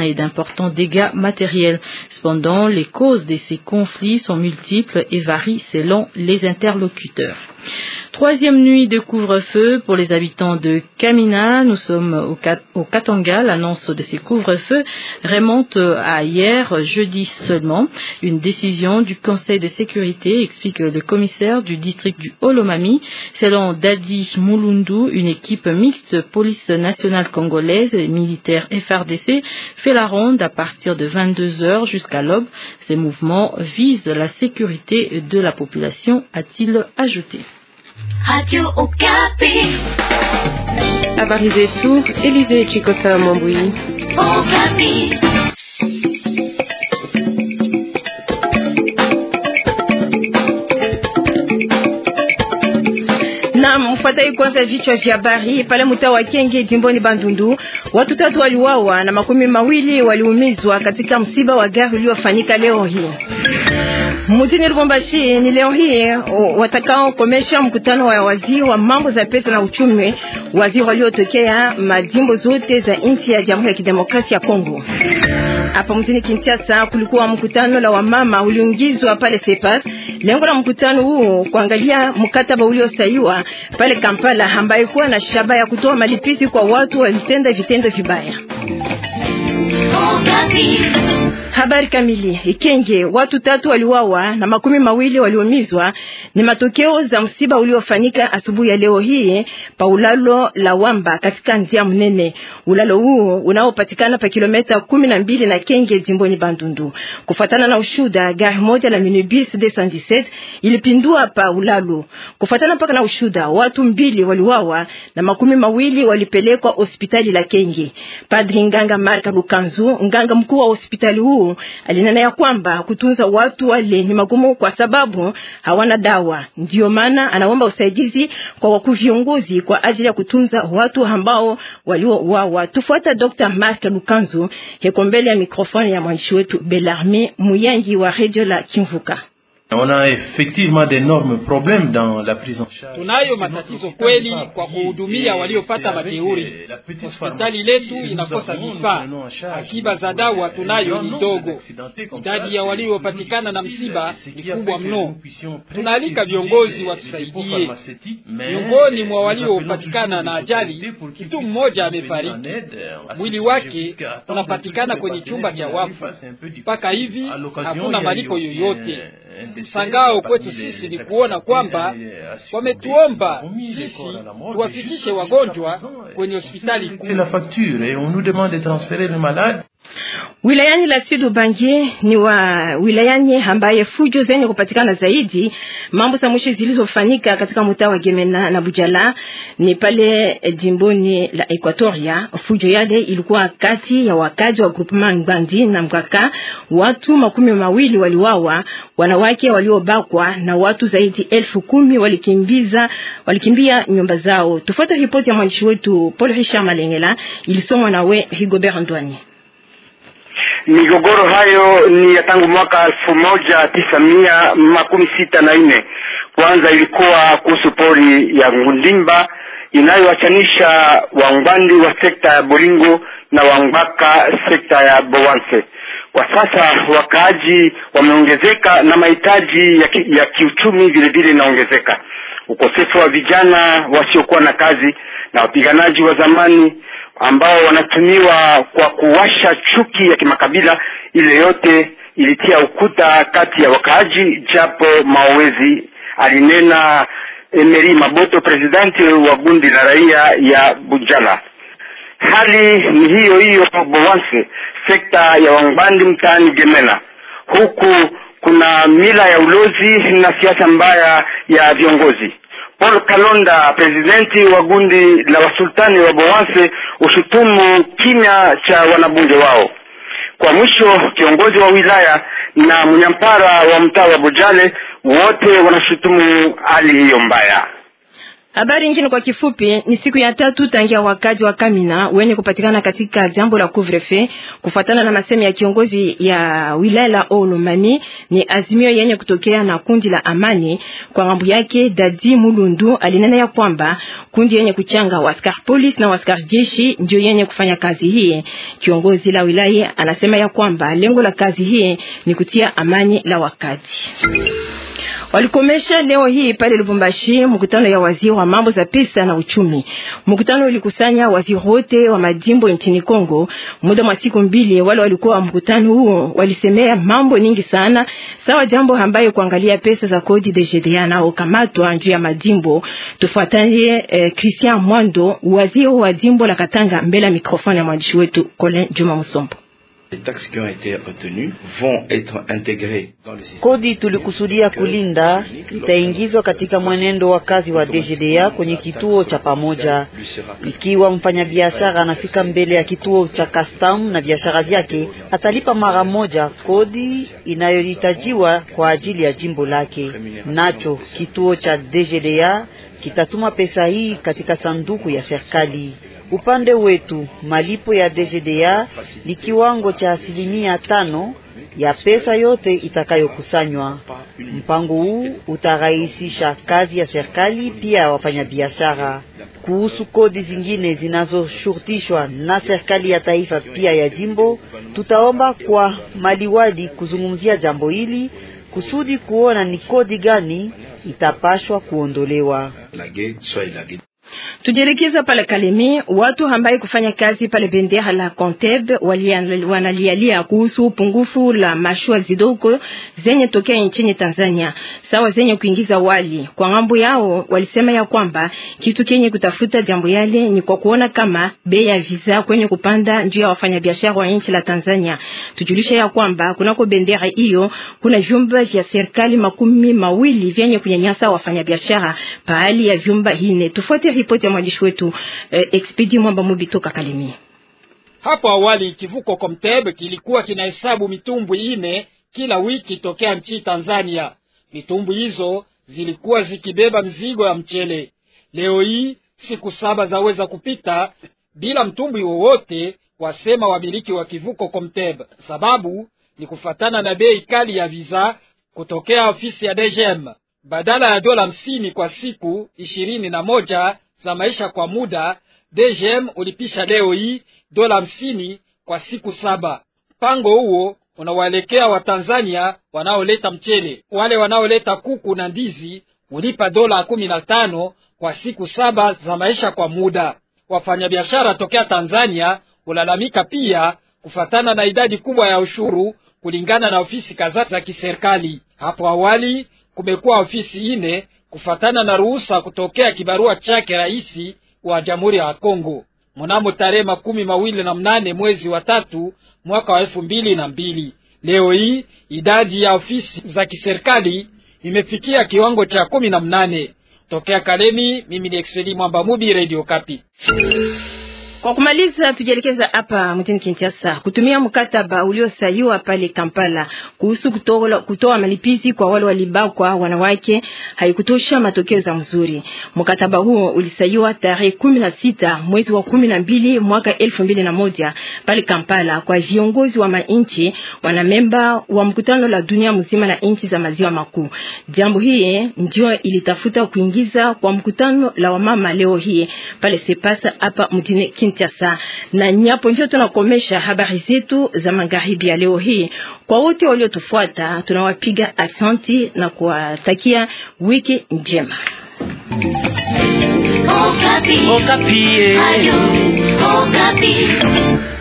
et d'importants dégâts matériels. Cependant, les causes de ces conflits sont multiples et varient selon les interlocuteurs. Troisième nuit de couvre-feu pour les habitants de Kamina. Nous sommes au, Katanga. L'annonce de ces couvre-feux remonte euh, à hier, jeudi seulement. Une décision du Conseil de sécurité explique le commissaire du district du Holomami. Selon Dadi Mulundu, une équipe mixte police nationale congolaise et militaire FRDC fait la ronde à partir de 22 heures jusqu'à l'aube. Ces mouvements visent la sécurité de la population, a-t-il ajouté. Radio Okapi. Habari zetu, Elize Chikota Mambui. Okapi. Mfuatai kwanza vichwa vya habari. Pale mtaa wa Kenge jimboni Bandundu, watu tatu waliuawa na makumi mawili waliumizwa katika msiba wa gari uliofanyika leo hii. Mjini Lubumbashi ni leo hii watakaokomesha mkutano wa waziri wa mambo za pesa na uchumi, waziri waliotokea majimbo zote za nchi ya Jamhuri ya Kidemokrasia ya Kongo. Hapa mjini Kinshasa kulikuwa mkutano la wamama uliongizwa pale Sepas. Lengo la mkutano huu kuangalia mkataba uliosaiwa pale Kampala, ambaye kuwa na shaba ya kutoa malipizi kwa watu walitenda vitendo vibaya. Oh, Habari kamili. Ikenge, watu tatu waliwawa na makumi mawili waliumizwa, ni matokeo za msiba uliofanyika asubuhi ya leo hii pa ulalo la Wamba katika njia mnene. Ulalo huu unaopatikana pa kilomita kumi na mbili na Kenge jimboni Bandundu. Kufatana na ushuda, gari moja la minibus 217 ilipindua pa ulalo. Kufatana paka na ushuda, watu mbili waliwawa na makumi mawili walipelekwa hospitali la Kenge. Padri Nganga Marka Lukanzu, nganga mkuu wa hospitali mkali huu alinena ya kwamba kutunza watu wale ni magumu, kwa sababu hawana dawa. ndio maana anaomba usaidizi kwa wakuu viongozi kwa ajili ya kutunza watu ambao waliouawa. Tufuata Dr. Mark Lukanzu yeko mbele ya mikrofoni ya mwandishi wetu Belarmi Muyangi wa redio la Kimvuka. On a effectivement problèmes dans la prise en charge. Tunayo matatizo kweli kwa kuhudumia waliopata majeuri. Eh, Hospitali letu inakosa vifaa, akiba za dawa tunayo ni ndogo, idadi ya waliopatikana na msiba ni kubwa mno. Tunaalika viongozi watusaidie. Miongoni mwa waliopatikana na ajali, mtu mmoja amefariki, euh, mwili wake unapatikana kwenye chumba cha wafu. Mpaka hivi hakuna malipo yoyote. Sangao kwetu sisi ni kuona kwamba wametuomba sisi tuwafikishe wagonjwa kwenye hospitali kuu. Wilayani la Sud Ubangie ni wa wilayani ambaye fujo zenye kupatikana zaidi. Mambo za mwisho zilizofanyika katika mtaa wa Gemena na Bujala ni pale eh, jimboni la Equatoria. Fujo yale ilikuwa kati ya wakazi wa groupement Ngandi na Mkaka. Watu makumi mawili waliwawa, wanawake waliobakwa na watu zaidi elfu kumi walikimbiza walikimbia nyumba zao. Tufuate ripoti ya mwandishi wetu Paul Hisham Malengela, ilisomwa na we Higobert Ndwani. Migogoro hayo ni ya tangu mwaka elfu moja tisa mia makumi sita na nne. Kwanza ilikuwa kuhusu pori ya Ngundimba inayowachanisha Wangwandi wa sekta ya Bolingo na Wangwaka sekta ya Bowanse. Kwa sasa wakaaji wameongezeka na mahitaji ya, ki, ya kiuchumi vile vile inaongezeka. Ukosefu wa vijana wasiokuwa na kazi na wapiganaji wa zamani ambao wanatumiwa kwa kuwasha chuki ya kimakabila. Ile yote ilitia ukuta kati ya wakaaji, japo maowezi, alinena Emery Maboto, presidenti wa gundi la raia ya Bujala. Hali ni hiyo hiyo Bowanse, sekta ya Wangbandi mtaani Gemena. Huku kuna mila ya ulozi na siasa mbaya ya viongozi. Paul Kalonda, presidenti wa gundi la wasultani wa Bowase, ushutumu kimya cha wanabunge wao. Kwa mwisho, kiongozi wa wilaya na mnyampara wa mtaa wa Bujale wote wanashutumu hali hiyo mbaya. Habari nyingine kwa kifupi ni siku ya tatu tangia wakazi wa Kamina wenye kupatikana katika jambo la Kuvrefe kufuatana na masemi ya kiongozi ya wilaya la Olomami, ni azimio yenye kutokea na kundi la Amani. Kwa ngambo yake, Dadi Mulundu alinena ya kwamba kundi yenye kuchanga waskar police na waskar jeshi ndio yenye kufanya kazi hii. Kiongozi la wilaya anasema ya kwamba lengo la kazi hii ni kutia amani la wakazi. Walikomesha leo hii pale Lubumbashi mkutano ya waziri wa mambo za pesa na uchumi. Mkutano ulikusanya waziri wote wa majimbo nchini Kongo. Muda wa siku mbili, wale walikuwa wa mkutano huo walisemea mambo nyingi sana, sawa jambo ambayo kuangalia pesa za kodi de GDA na kamatwa juu ya majimbo. Tufuatanie eh, Christian Mwando, waziri wa jimbo la Katanga, mbele ya mikrofoni ya mwandishi wetu Colin Juma Musombo. Kodi tulikusudia kulinda itaingizwa katika mwenendo wa kazi wa DGDA kwenye kituo cha pamoja. Ikiwa mfanyabiashara anafika mbele ya kituo cha custom na biashara vyake, atalipa mara moja kodi inayohitajiwa kwa ajili ya jimbo lake. Nacho kituo cha DGDA kitatuma pesa hii katika sanduku ya serikali. Upande wetu malipo ya DGDA ni kiwango cha asilimia tano ya pesa yote itakayokusanywa. Mpango huu utarahisisha kazi ya serikali pia ya wafanyabiashara. Kuhusu kodi zingine zinazoshurutishwa na serikali ya taifa pia ya jimbo, tutaomba kwa maliwadi kuzungumzia jambo hili kusudi kuona ni kodi gani itapashwa kuondolewa. Tujielekeza pale Kalemi, watu ambaye kufanya kazi pale bendera la Conteb wanalialia kuhusu upungufu la mashua zidogo zenye tokea nchini Tanzania, sawa zenye kuingiza wali kwa ngambo yao. Walisema ya kwamba kitu kenye kutafuta jambo yale ni kwa kuona kama bei ya visa kwenye kupanda njuu ya wafanyabiashara wa nchi la Tanzania. Tujulisha ya kwamba kunako bendera hiyo kuna vyumba vya serikali makumi mawili vyenye kunyanyasa wafanyabiashara pahali ya vyumba hine. Tufuate Ripoti ya mwandishi wetu eh, Expedi Mwamba Mubi toka Kalemie. Hapo awali kivuko Komtebe kilikuwa kinahesabu mitumbwi ine kila wiki tokea nchi Tanzania. Mitumbwi hizo zilikuwa zikibeba mzigo ya mchele. Leo hii siku saba zaweza kupita bila mtumbwi wowote, wasema wamiliki wa kivuko Komtebe. Sababu ni kufatana na bei kali ya visa kutokea ofisi ya DGM. Badala ya dola hamsini kwa siku ishirini na moja za maisha kwa muda, DGM ulipisha leo hii dola hamsini kwa siku saba. Mpango huo unawaelekea Watanzania wanaoleta mchele, wale wanaoleta kuku na ndizi ulipa dola kumi na tano kwa siku saba za maisha kwa muda. Wafanyabiashara tokea Tanzania ulalamika pia kufatana na idadi kubwa ya ushuru kulingana na ofisi kadhaa za kiserikali. Hapo awali kumekuwa ofisi ine kufatana na ruhusa kutokea kibarua chake rais wa Jamhuri ya Kongo mnamo tarehe makumi mawili na mnane mwezi wa tatu mwaka wa elfu mbili na mbili. Leo hii idadi ya ofisi za kiserikali imefikia kiwango cha kumi na mnane. Tokea Kalemi, mimi ni Expedi Mwamba Mubi, Radio Kapi. Kwa kumaliza, tujielekeza hapa mjini Kinshasa kutumia mkataba uliosaiwa pale Kampala kuhusu kutoa kutoa malipizi kwa wale walibakwa wanawake haikutosha matokeo za mzuri. Mkataba huo ulisaiwa tarehe 16 mwezi wa 12 mwaka elfu na moja pale Kampala kwa viongozi wa mainchi wanamemba wa mkutano la dunia mzima na inchi za maziwa makuu. Jambo hii ndio ilitafuta kuingiza kwa mkutano la wamama leo hii pale Sepasa hapa mjini Kinshasa. Na nyapo ndio tunakomesha habari zetu za magharibi ya leo hii. Kwa wote waliotufuata, tunawapiga asanti na kuwatakia wiki njema. Okapi. Okapi. Eh. Ayu, Okapi.